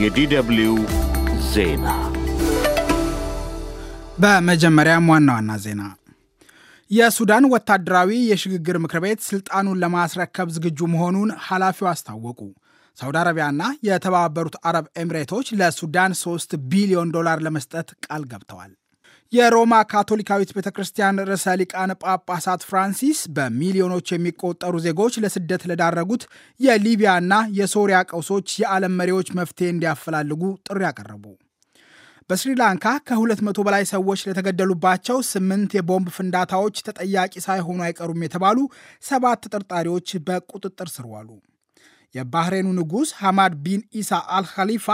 የዲደብልዩ ዜና በመጀመሪያም ዋና ዋና ዜና የሱዳን ወታደራዊ የሽግግር ምክር ቤት ስልጣኑን ለማስረከብ ዝግጁ መሆኑን ኃላፊው አስታወቁ። ሳውዲ አረቢያና የተባበሩት አረብ ኤሚሬቶች ለሱዳን 3 ቢሊዮን ዶላር ለመስጠት ቃል ገብተዋል። የሮማ ካቶሊካዊት ቤተ ክርስቲያን ርዕሰ ሊቃነ ጳጳሳት ፍራንሲስ በሚሊዮኖች የሚቆጠሩ ዜጎች ለስደት ለዳረጉት የሊቢያና የሶሪያ ቀውሶች የዓለም መሪዎች መፍትሄ እንዲያፈላልጉ ጥሪ አቀረቡ። በስሪላንካ ከ200 በላይ ሰዎች ለተገደሉባቸው ስምንት የቦምብ ፍንዳታዎች ተጠያቂ ሳይሆኑ አይቀሩም የተባሉ ሰባት ተጠርጣሪዎች በቁጥጥር ስር ዋሉ። የባህሬኑ ንጉሥ ሐማድ ቢን ኢሳ አልካሊፋ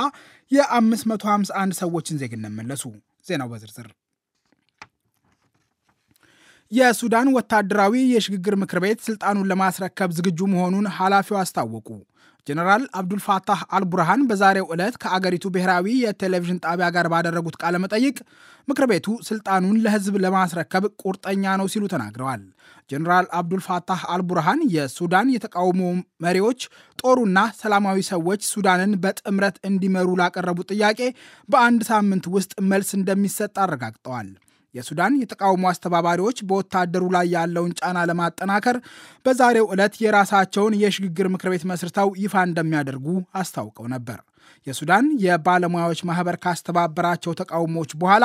የ551 ሰዎችን ዜግነት መለሱ። ዜናው በዝርዝር የሱዳን ወታደራዊ የሽግግር ምክር ቤት ስልጣኑን ለማስረከብ ዝግጁ መሆኑን ኃላፊው አስታወቁ። ጀነራል አብዱልፋታህ አልቡርሃን በዛሬው ዕለት ከአገሪቱ ብሔራዊ የቴሌቪዥን ጣቢያ ጋር ባደረጉት ቃለ መጠይቅ ምክር ቤቱ ስልጣኑን ለሕዝብ ለማስረከብ ቁርጠኛ ነው ሲሉ ተናግረዋል። ጀነራል አብዱልፋታህ አልቡርሃን የሱዳን የተቃውሞ መሪዎች፣ ጦሩና ሰላማዊ ሰዎች ሱዳንን በጥምረት እንዲመሩ ላቀረቡት ጥያቄ በአንድ ሳምንት ውስጥ መልስ እንደሚሰጥ አረጋግጠዋል። የሱዳን የተቃውሞ አስተባባሪዎች በወታደሩ ላይ ያለውን ጫና ለማጠናከር በዛሬው ዕለት የራሳቸውን የሽግግር ምክር ቤት መስርተው ይፋ እንደሚያደርጉ አስታውቀው ነበር። የሱዳን የባለሙያዎች ማህበር ካስተባበራቸው ተቃውሞዎች በኋላ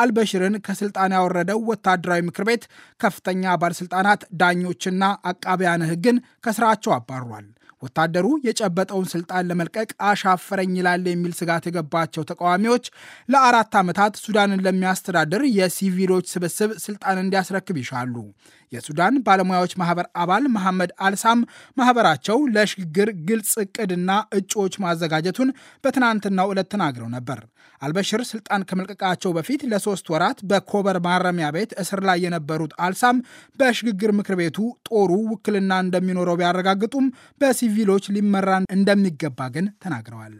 አልበሽርን ከስልጣን ያወረደው ወታደራዊ ምክር ቤት ከፍተኛ ባለስልጣናት፣ ዳኞችና አቃቢያነ ሕግን ከስራቸው አባሯል። ወታደሩ የጨበጠውን ስልጣን ለመልቀቅ አሻፈረኝ ይላል የሚል ስጋት የገባቸው ተቃዋሚዎች ለአራት ዓመታት ሱዳንን ለሚያስተዳድር የሲቪሎች ስብስብ ስልጣን እንዲያስረክብ ይሻሉ። የሱዳን ባለሙያዎች ማህበር አባል መሐመድ አልሳም ማህበራቸው ለሽግግር ግልጽ እቅድና እጩዎች ማዘጋጀቱን በትናንትናው ዕለት ተናግረው ነበር። አልበሽር ስልጣን ከመልቀቃቸው በፊት ለሶስት ወራት በኮበር ማረሚያ ቤት እስር ላይ የነበሩት አልሳም በሽግግር ምክር ቤቱ ጦሩ ውክልና እንደሚኖረው ቢያረጋግጡም በሲቪሎች ሊመራ እንደሚገባ ግን ተናግረዋል።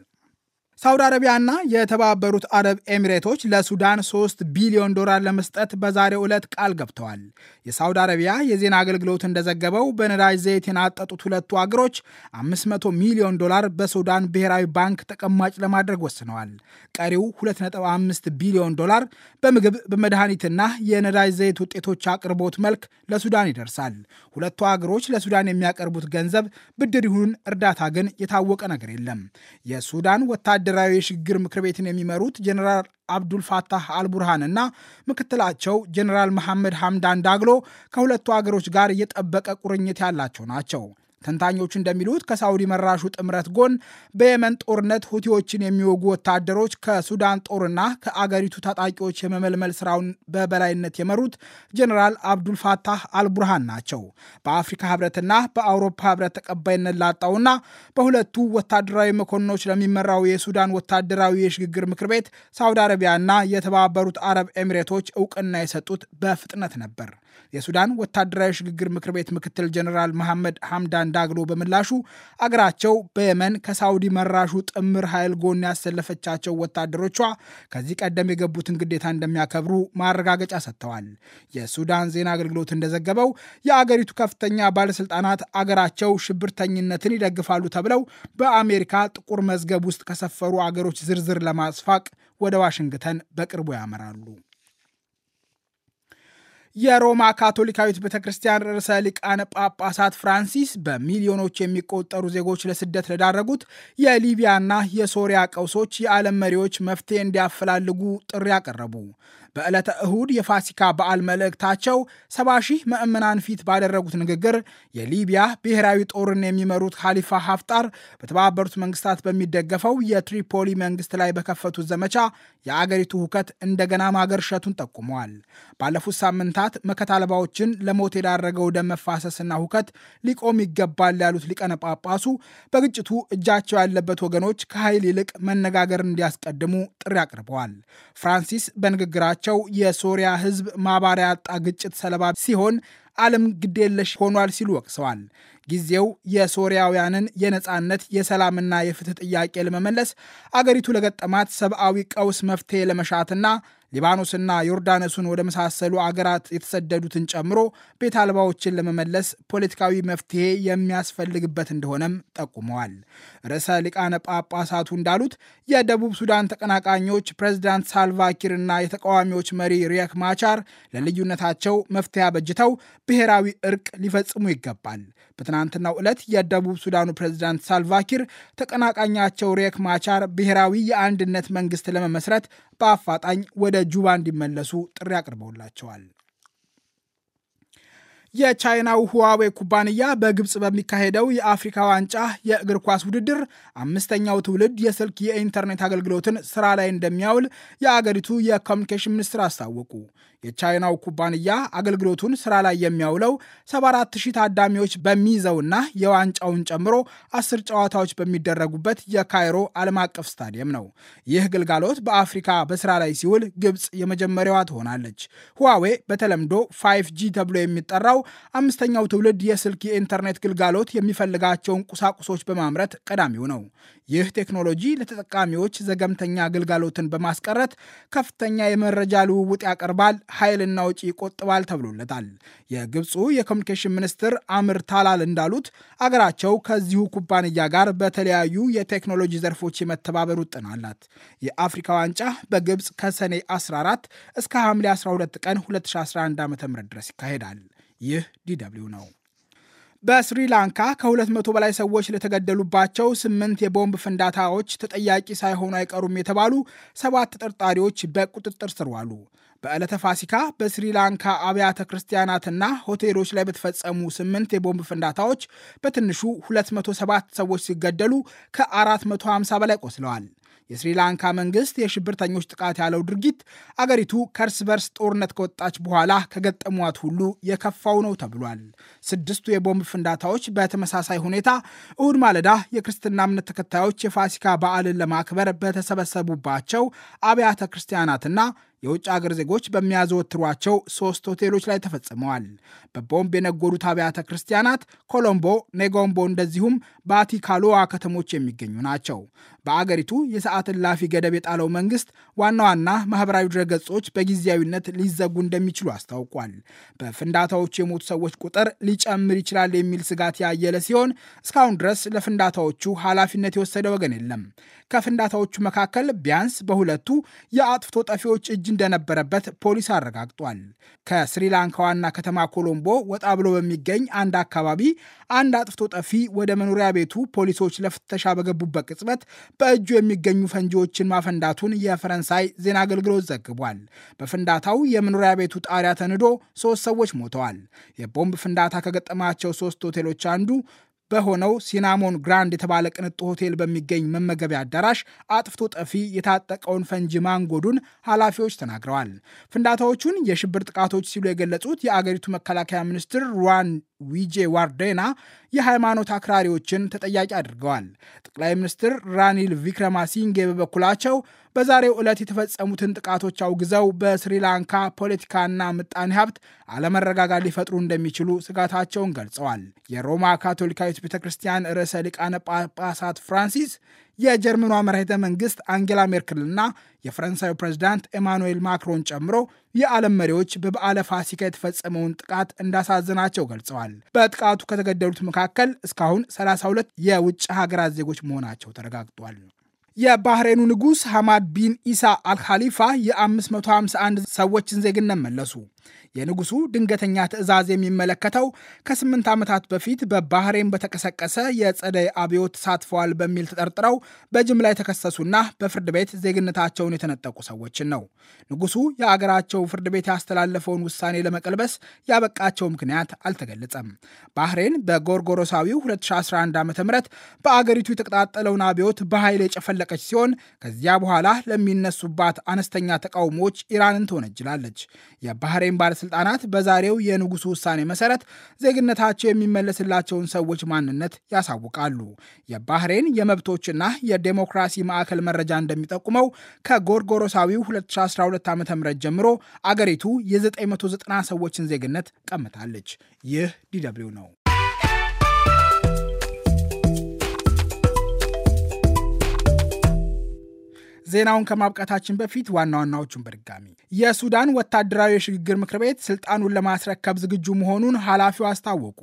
ሳውዲ አረቢያና የተባበሩት አረብ ኤሚሬቶች ለሱዳን 3 ቢሊዮን ዶላር ለመስጠት በዛሬ ዕለት ቃል ገብተዋል። የሳውዲ አረቢያ የዜና አገልግሎት እንደዘገበው በነዳጅ ዘይት የናጠጡት ሁለቱ አገሮች 500 ሚሊዮን ዶላር በሱዳን ብሔራዊ ባንክ ተቀማጭ ለማድረግ ወስነዋል። ቀሪው 2.5 ቢሊዮን ዶላር በምግብ በመድኃኒትና የነዳጅ ዘይት ውጤቶች አቅርቦት መልክ ለሱዳን ይደርሳል። ሁለቱ አገሮች ለሱዳን የሚያቀርቡት ገንዘብ ብድር ይሁን እርዳታ ግን የታወቀ ነገር የለም። የሱዳን ወታደ ብሔራዊ የሽግግር ምክር ቤትን የሚመሩት ጀኔራል አብዱልፋታህ አልቡርሃን እና ምክትላቸው ጀኔራል መሐመድ ሐምዳን ዳግሎ ከሁለቱ አገሮች ጋር የጠበቀ ቁርኝት ያላቸው ናቸው። ተንታኞቹ እንደሚሉት ከሳውዲ መራሹ ጥምረት ጎን በየመን ጦርነት ሁቲዎችን የሚወጉ ወታደሮች ከሱዳን ጦርና ከአገሪቱ ታጣቂዎች የመመልመል ስራውን በበላይነት የመሩት ጀኔራል አብዱልፋታህ አልቡርሃን ናቸው። በአፍሪካ ህብረትና በአውሮፓ ህብረት ተቀባይነት ላጣውና በሁለቱ ወታደራዊ መኮንኖች ለሚመራው የሱዳን ወታደራዊ የሽግግር ምክር ቤት ሳውዲ አረቢያና የተባበሩት አረብ ኤሚሬቶች እውቅና የሰጡት በፍጥነት ነበር። የሱዳን ወታደራዊ ሽግግር ምክር ቤት ምክትል ጀኔራል መሐመድ ሐምዳን ተወንዳግሎ በምላሹ አገራቸው በየመን ከሳውዲ መራሹ ጥምር ኃይል ጎን ያሰለፈቻቸው ወታደሮቿ ከዚህ ቀደም የገቡትን ግዴታ እንደሚያከብሩ ማረጋገጫ ሰጥተዋል። የሱዳን ዜና አገልግሎት እንደዘገበው የአገሪቱ ከፍተኛ ባለስልጣናት አገራቸው ሽብርተኝነትን ይደግፋሉ ተብለው በአሜሪካ ጥቁር መዝገብ ውስጥ ከሰፈሩ አገሮች ዝርዝር ለማስፋቅ ወደ ዋሽንግተን በቅርቡ ያመራሉ። የሮማ ካቶሊካዊት ቤተ ክርስቲያን ርዕሰ ሊቃነ ጳጳሳት ፍራንሲስ በሚሊዮኖች የሚቆጠሩ ዜጎች ለስደት ለዳረጉት የሊቢያና የሶሪያ ቀውሶች የዓለም መሪዎች መፍትሄ እንዲያፈላልጉ ጥሪ አቀረቡ። በዕለተ እሁድ የፋሲካ በዓል መልእክታቸው ሰባ ሺህ ምዕመናን ፊት ባደረጉት ንግግር የሊቢያ ብሔራዊ ጦርን የሚመሩት ካሊፋ ሀፍጣር በተባበሩት መንግስታት በሚደገፈው የትሪፖሊ መንግስት ላይ በከፈቱት ዘመቻ የአገሪቱ ሁከት እንደገና ማገርሸቱን ጠቁመዋል። ባለፉት ሳምንታት መከታ አልባዎችን ለሞት የዳረገው ደም መፋሰስና ሁከት ሊቆም ይገባል ያሉት ሊቀነ ጳጳሱ በግጭቱ እጃቸው ያለበት ወገኖች ከኃይል ይልቅ መነጋገር እንዲያስቀድሙ ጥሪ አቅርበዋል። ፍራንሲስ በንግግራቸው መሆናቸው የሶሪያ ሕዝብ ማባሪያ ያጣ ግጭት ሰለባ ሲሆን ዓለም ግዴለሽ ሆኗል ሲሉ ወቅሰዋል። ጊዜው የሶሪያውያንን የነፃነት የሰላምና የፍትህ ጥያቄ ለመመለስ አገሪቱ ለገጠማት ሰብአዊ ቀውስ መፍትሄ ለመሻትና ሊባኖስና ዮርዳኖስን ወደ መሳሰሉ አገራት የተሰደዱትን ጨምሮ ቤት አልባዎችን ለመመለስ ፖለቲካዊ መፍትሄ የሚያስፈልግበት እንደሆነም ጠቁመዋል። ርዕሰ ሊቃነ ጳጳሳቱ እንዳሉት የደቡብ ሱዳን ተቀናቃኞች ፕሬዚዳንት እና የተቃዋሚዎች መሪ ሪየክ ማቻር ለልዩነታቸው መፍትሄ አበጅተው ብሔራዊ እርቅ ሊፈጽሙ ይገባል። በትናንትናው ዕለት የደቡብ ሱዳኑ ፕሬዚዳንት ሳልቫኪር ተቀናቃኛቸው ሪየክ ማቻር ብሔራዊ የአንድነት መንግስት ለመመስረት በአፋጣኝ ወደ ጁባ እንዲመለሱ ጥሪ አቅርበውላቸዋል። የቻይናው ሁዋዌ ኩባንያ በግብፅ በሚካሄደው የአፍሪካ ዋንጫ የእግር ኳስ ውድድር አምስተኛው ትውልድ የስልክ የኢንተርኔት አገልግሎትን ስራ ላይ እንደሚያውል የአገሪቱ የኮሚኒኬሽን ሚኒስትር አስታወቁ። የቻይናው ኩባንያ አገልግሎቱን ስራ ላይ የሚያውለው 74000 ታዳሚዎች በሚይዘውና የዋንጫውን ጨምሮ አስር ጨዋታዎች በሚደረጉበት የካይሮ ዓለም አቀፍ ስታዲየም ነው። ይህ ግልጋሎት በአፍሪካ በስራ ላይ ሲውል ግብፅ የመጀመሪያዋ ትሆናለች። ሁዋዌ በተለምዶ 5ጂ ተብሎ የሚጠራው አምስተኛው ትውልድ የስልክ የኢንተርኔት ግልጋሎት የሚፈልጋቸውን ቁሳቁሶች በማምረት ቀዳሚው ነው። ይህ ቴክኖሎጂ ለተጠቃሚዎች ዘገምተኛ ግልጋሎትን በማስቀረት ከፍተኛ የመረጃ ልውውጥ ያቀርባል፣ ኃይልና ውጪ ይቆጥባል ተብሎለታል። የግብፁ የኮሚኒኬሽን ሚኒስትር አምር ታላል እንዳሉት አገራቸው ከዚሁ ኩባንያ ጋር በተለያዩ የቴክኖሎጂ ዘርፎች የመተባበር ውጥን አላት። የአፍሪካ ዋንጫ በግብፅ ከሰኔ 14 እስከ ሐምሌ 12 ቀን 2011 ዓ ም ድረስ ይካሄዳል። ይህ ዲደብሊው ነው። በስሪላንካ ከ200 በላይ ሰዎች ለተገደሉባቸው ስምንት የቦምብ ፍንዳታዎች ተጠያቂ ሳይሆኑ አይቀሩም የተባሉ ሰባት ተጠርጣሪዎች በቁጥጥር ስር ዋሉ። በዕለተ ፋሲካ በስሪላንካ አብያተ ክርስቲያናትና ሆቴሎች ላይ በተፈጸሙ ስምንት የቦምብ ፍንዳታዎች በትንሹ 207 ሰዎች ሲገደሉ ከ450 በላይ ቆስለዋል። የስሪላንካ መንግስት የሽብርተኞች ጥቃት ያለው ድርጊት አገሪቱ ከእርስ በርስ ጦርነት ከወጣች በኋላ ከገጠሟት ሁሉ የከፋው ነው ተብሏል። ስድስቱ የቦምብ ፍንዳታዎች በተመሳሳይ ሁኔታ እሁድ ማለዳ የክርስትና እምነት ተከታዮች የፋሲካ በዓልን ለማክበር በተሰበሰቡባቸው አብያተ ክርስቲያናትና የውጭ አገር ዜጎች በሚያዘወትሯቸው ሶስት ሆቴሎች ላይ ተፈጽመዋል። በቦምብ የነጎዱት አብያተ ክርስቲያናት ኮሎምቦ፣ ኔጎምቦ እንደዚሁም ባቲ ከተሞች የሚገኙ ናቸው። በአገሪቱ የሰዓት እላፊ ገደብ የጣለው መንግስት ዋና ዋና ማህበራዊ ድረገጾች በጊዜያዊነት ሊዘጉ እንደሚችሉ አስታውቋል። በፍንዳታዎቹ የሞቱ ሰዎች ቁጥር ሊጨምር ይችላል የሚል ስጋት ያየለ ሲሆን እስካሁን ድረስ ለፍንዳታዎቹ ኃላፊነት የወሰደ ወገን የለም። ከፍንዳታዎቹ መካከል ቢያንስ በሁለቱ የአጥፍቶ ጠፊዎች እጅ እንደነበረበት ፖሊስ አረጋግጧል። ከስሪላንካ ዋና ከተማ ኮሎምቦ ወጣ ብሎ በሚገኝ አንድ አካባቢ አንድ አጥፍቶ ጠፊ ወደ መኖሪያ ቤቱ ፖሊሶች ለፍተሻ በገቡበት ቅጽበት በእጁ የሚገኙ ፈንጂዎችን ማፈንዳቱን የፈረንሳይ ዜና አገልግሎት ዘግቧል። በፍንዳታው የመኖሪያ ቤቱ ጣሪያ ተንዶ ሶስት ሰዎች ሞተዋል። የቦምብ ፍንዳታ ከገጠማቸው ሶስት ሆቴሎች አንዱ በሆነው ሲናሞን ግራንድ የተባለ ቅንጡ ሆቴል በሚገኝ መመገቢያ አዳራሽ አጥፍቶ ጠፊ የታጠቀውን ፈንጂ ማንጎዱን ኃላፊዎች ተናግረዋል። ፍንዳታዎቹን የሽብር ጥቃቶች ሲሉ የገለጹት የአገሪቱ መከላከያ ሚኒስትር ሩዋን ዊጄ ዋርዴና የሃይማኖት አክራሪዎችን ተጠያቂ አድርገዋል። ጠቅላይ ሚኒስትር ራኒል ቪክረማሲንጌ በበኩላቸው በዛሬው ዕለት የተፈጸሙትን ጥቃቶች አውግዘው በስሪላንካ ፖለቲካና ምጣኔ ሀብት አለመረጋጋት ሊፈጥሩ እንደሚችሉ ስጋታቸውን ገልጸዋል። የሮማ ካቶሊካዊት ቤተ ክርስቲያን ርዕሰ ሊቃነ ጳጳሳት ፍራንሲስ የጀርመኗ መራሄተ መንግስት አንጌላ ሜርክልና የፈረንሳዩ ፕሬዚዳንት ኤማኑኤል ማክሮን ጨምሮ የዓለም መሪዎች በበዓለ ፋሲካ የተፈጸመውን ጥቃት እንዳሳዘናቸው ገልጸዋል። በጥቃቱ ከተገደሉት መካከል እስካሁን 32 የውጭ ሀገራት ዜጎች መሆናቸው ተረጋግጧል። የባህሬኑ ንጉሥ ሐማድ ቢን ኢሳ አልካሊፋ የ551 ሰዎችን ዜግነት መለሱ። የንጉሱ ድንገተኛ ትዕዛዝ የሚመለከተው ከስምንት ዓመታት በፊት በባህሬን በተቀሰቀሰ የጸደይ አብዮት ተሳትፈዋል በሚል ተጠርጥረው በጅምላ የተከሰሱና በፍርድ ቤት ዜግነታቸውን የተነጠቁ ሰዎችን ነው። ንጉሱ የአገራቸው ፍርድ ቤት ያስተላለፈውን ውሳኔ ለመቀልበስ ያበቃቸው ምክንያት አልተገለጸም። ባህሬን በጎርጎሮሳዊው 2011 ዓ ም በአገሪቱ የተቀጣጠለውን አብዮት በኃይል የጨፈለቀች ሲሆን ከዚያ በኋላ ለሚነሱባት አነስተኛ ተቃውሞዎች ኢራንን ትወነጅላለች። የባህሬን ባለ ባለስልጣናት በዛሬው የንጉሱ ውሳኔ መሰረት ዜግነታቸው የሚመለስላቸውን ሰዎች ማንነት ያሳውቃሉ። የባህሬን የመብቶችና የዴሞክራሲ ማዕከል መረጃ እንደሚጠቁመው ከጎርጎሮሳዊው 2012 ዓ ም ጀምሮ አገሪቱ የ990 ሰዎችን ዜግነት ቀምታለች። ይህ ዲ ነው። ዜናውን ከማብቃታችን በፊት ዋና ዋናዎቹን በድጋሚ የሱዳን ወታደራዊ የሽግግር ምክር ቤት ስልጣኑን ለማስረከብ ዝግጁ መሆኑን ኃላፊው አስታወቁ።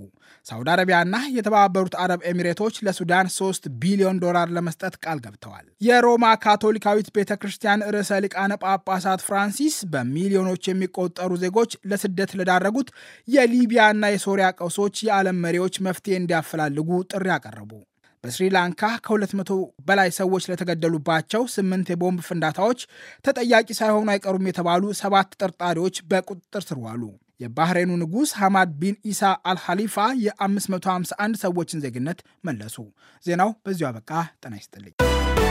ሳውዲ አረቢያና የተባበሩት አረብ ኤሚሬቶች ለሱዳን 3 ቢሊዮን ዶላር ለመስጠት ቃል ገብተዋል። የሮማ ካቶሊካዊት ቤተ ክርስቲያን ርዕሰ ሊቃነ ጳጳሳት ፍራንሲስ በሚሊዮኖች የሚቆጠሩ ዜጎች ለስደት ለዳረጉት የሊቢያና የሶሪያ ቀውሶች የዓለም መሪዎች መፍትሄ እንዲያፈላልጉ ጥሪ አቀረቡ። በስሪላንካ ከ200 በላይ ሰዎች ለተገደሉባቸው ስምንት የቦምብ ፍንዳታዎች ተጠያቂ ሳይሆኑ አይቀሩም የተባሉ ሰባት ተጠርጣሪዎች በቁጥጥር ስር ዋሉ። የባህሬኑ ንጉሥ ሐማድ ቢን ኢሳ አልሐሊፋ የ551 ሰዎችን ዜግነት መለሱ። ዜናው በዚሁ አበቃ። ጤና ይስጥልኝ።